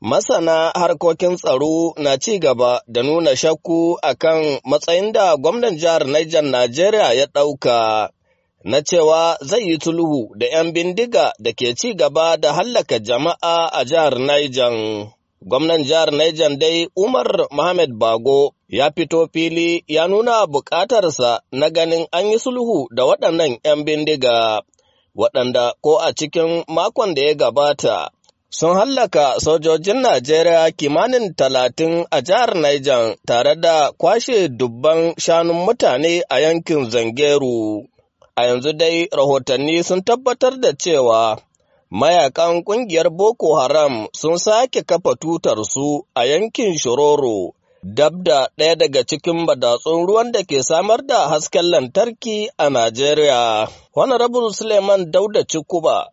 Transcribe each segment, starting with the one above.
Masana harkokin tsaro na ci gaba da nuna shakku a kan matsayin da gwamnan jihar Niger Najeriya ya ɗauka na cewa zai yi sulhu da ‘yan bindiga da ke ci gaba da hallaka jama'a a jihar Niger. Gwamnan jihar Niger dai Umar Mohamed Bago ya fito fili ya nuna bukatarsa na ganin an yi sulhu da waɗannan ‘yan bindiga, waɗanda ko a cikin makon da ya gabata. sun hallaka sojojin Najeriya kimanin talatin a jihar Niger tare da kwashe dubban shanun mutane a yankin Zangeru. A yanzu dai rahotanni sun tabbatar da cewa mayakan ƙungiyar Boko Haram sun sake kafa tutar su a yankin Shororo. Dab da ɗaya daga cikin madatsun ruwan da ke samar da hasken lantarki a Najeriya, Wani rabin Suleiman Dauda Cikuba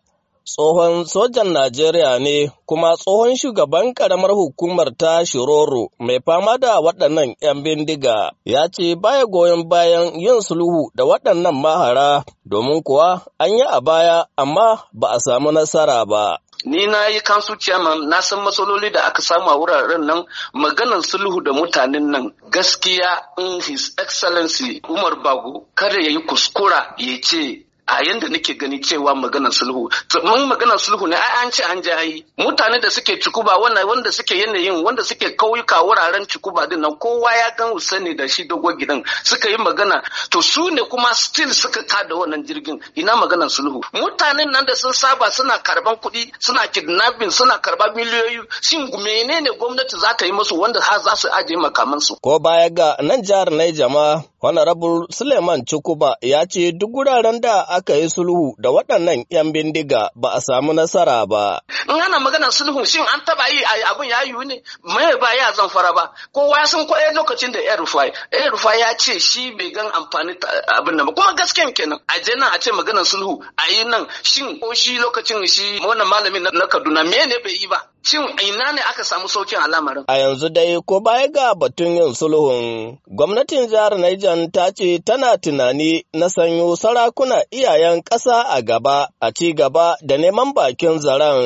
tsohon sojan Najeriya ne kuma tsohon shugaban karamar hukumar ta Shiroro mai fama da waɗannan 'yan bindiga ya ce baya goyon bayan yin sulhu da waɗannan mahara domin kuwa an yi a baya amma ba a samu nasara ba. ni na yi kansu ciyaman na san matsaloli da aka samu a wuraren nan maganar sulhu da mutanen nan gaskiya in his excellency umar bago kada ya yi kuskura ya ce a yanda nake gani cewa maganar sulhu mun maganar sulhu ne an ce an jayi mutane da suke cikuba wanda suke yanayin wanda suke kauyuka wuraren cikuba din nan kowa ya gan sani da shi dogo gidan suka yi magana to su ne kuma still suka kada wannan jirgin ina maganar sulhu mutanen nan da sun saba suna karban kuɗi suna kidnapping suna karba miliyoyi shin menene gwamnati za ta yi musu wanda har za su ajiye makamansu ko baya ga nan jihar Niger ma Honorable Suleiman Chukuba ya ce duk wuraren da aka yi sulhu da waɗannan 'yan bindiga ba a samu nasara ba. In ana magana sulhu shin an taba yi abin ya yiwu ne mai ba ya zan fara ba kowa ya san kwaye eh, lokacin da Air Rufai Air Rufai ya ce shi bai gan amfani abin nan ba kuma gaskiyan kenan a je nan a ce maganar sulhu a yi nan shin ko shi lokacin shi wannan malamin na Kaduna me ne bai yi ba Cin ina ne aka samu saukin al'amarin? A yanzu dai ko baya ga batun yin sulhun, gwamnatin jihar Niger ta ce tana tunani na sanyo sarakuna iyayen ƙasa a gaba a ci gaba da neman bakin zaren.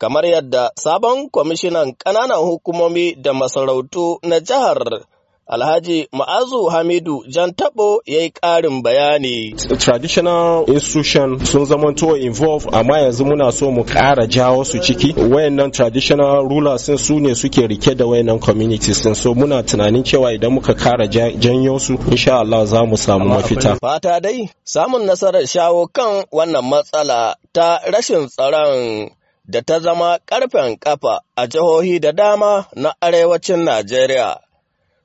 Kamar yadda sabon kwamishinan ƙananan hukumomi da masarautu na jihar Alhaji Ma'azu Hamidu Jan Tabo ya yi ƙarin bayani. Traditional institution sun zamanto involve amma yanzu muna so mu ƙara jawo su ciki. Wayannan traditional rulers sun su ne suke rike da wayannan communities sun so muna tunanin cewa idan muka ƙara janyo su insha Allah za mu samu mafita. Fata dai samun nasarar shawo kan wannan matsala ta rashin tsaron da ta zama ƙarfen ƙafa a jihohi da dama na arewacin Najeriya.